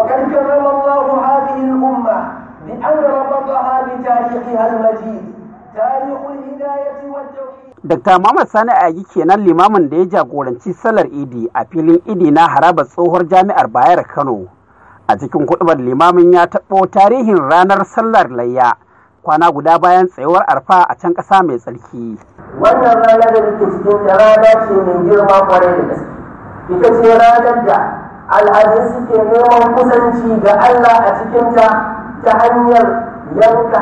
وقد كرم الله هذه الأمة لأن ربطها بتاريخها المجيد تاريخ الهداية والتوحيد Dr. Muhammad Sani Agi kenan limamin da ya jagoranci salar idi a filin idi na harabar tsohuwar jami'ar Bayar Kano. A cikin kuɗubar limamin ya taɓo tarihin ranar sallar layya kwana guda bayan tsayuwar arfa a can ƙasa mai tsarki. Wannan rana da ke cikin rana ce mai girma kwarai da gaske. Ita ce ranar da al'adu suke neman kusanci ga Allah a cikinta ta hanyar yanka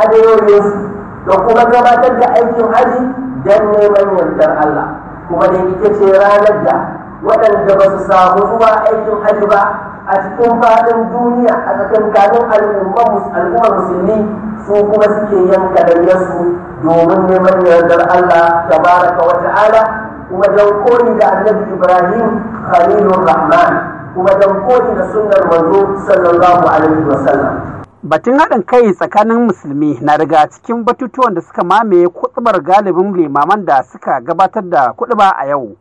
hadayoyinsu da kuma gabatar da aikin haji don neman yardar Allah kuma da ita ce ranar da waɗanda ba su samu zuwa aikin haji ba a cikin faɗin duniya a tsakankanin al'ummar musulmi su kuma suke yanka dayyarsu domin neman yardar Allah tabaraka wa ta'ala wajen koyi da إبراهيم ibrahim الرحمن rahman wajen لسنة da صلى الله عليه وسلم Batun haɗin kai tsakanin musulmi na daga cikin batutuwan da suka mamaye kuɗubar galibin limaman da suka gabatar da kuɗuba a yau.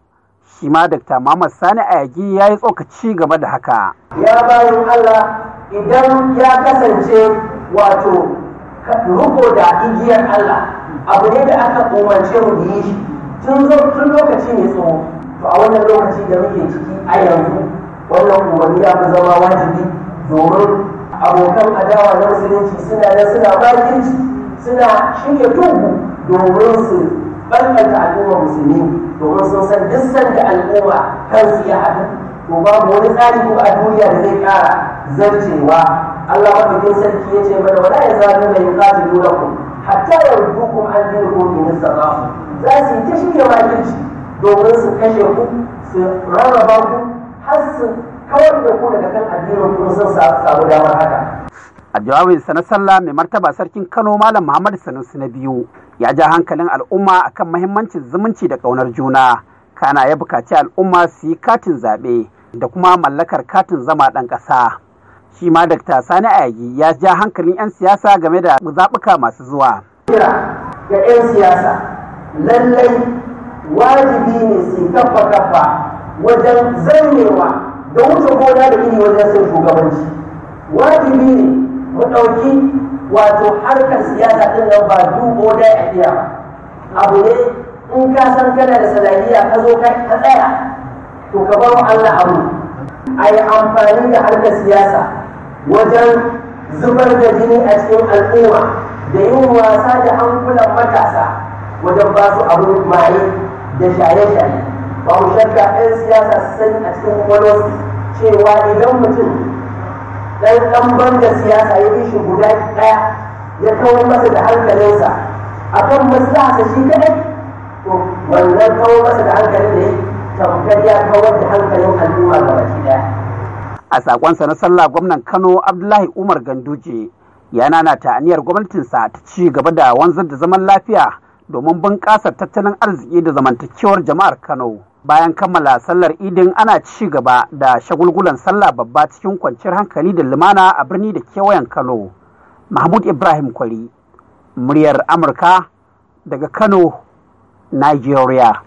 Shi ma Dr. Muhammad Sani Ayagi ya yi tsokaci game da haka. Ya bayan Allah idan ya kasance wato rubo da igiyar Allah abu ne da aka umarce mu yi shi tun lokaci ne tsawo to a wannan lokaci da muke ciki a yanzu wannan umarni ya fi zama wajibi domin abokan adawa na musulunci suna da suna bakinci suna shirya duhu domin su bambanta al'umma musulmi domin sun san duk sanda al'umma kansu ya haɗu to babu wani tsari ko a duniya da zai ƙara zarcewa Allah maɗaukin sarki ya ce mana wala ya zalu mai yuqatilunakum hatta yardukum an dinikum in istata'u za ta shirya makirci domin su kashe ku su rarraba ku har su kawar da ku daga kan addinin ku sun samu damar haka a sa na sallah mai martaba sarkin kano malam muhammad sanusi na biyu ya ja hankalin al'umma akan mahimmancin zumunci da ƙaunar juna kana ya bukaci al'umma su yi katin zaɓe da kuma mallakar katin zama ɗan ƙasa shi ma Dr. sani ayagi ya ja hankalin 'yan siyasa game da zaɓuka masu zuwa ga 'yan siyasa lallai wajibi ne su kafa kafa wajen zanyewa da wuce gona da iri wajen sun shugabanci wajibi ne mu ɗauki wato harkar siyasa ɗin nan ba dubo da a ba abu ne in ka san kana da salariya ka zo ka tsaya to ka bar Allah abu a yi amfani da harkar siyasa wajen zubar da jini a cikin al'umma da yin wasa da hankulan matasa wajen ba su abin maye da shaye-shaye ba mu shakka 'yan siyasa sun a cikin wani cewa idan mutum ɗan ɗan da siyasa ya fi shi guda ɗaya ya kawo masa da hankalinsa akan maslaha shi kaɗai to wannan kawo masa da hankalin ne tamkar ya kawar da hankalin al'umma gabaki ɗaya a sakonsa na sallah gwamnan kano abdullahi umar ganduje ya nanata aniyar gwamnatinsa ta ci gaba da wanzar da zaman lafiya domin bunƙasa tattalin arziki da zamantakewar jama'ar Kano. Bayan kammala sallar idin ana ci gaba da shagulgulan sallah babba cikin kwanciyar hankali da lumana a birni da kewayen Kano. Mahmud Ibrahim Kwari, muryar Amurka daga Kano, Nigeria.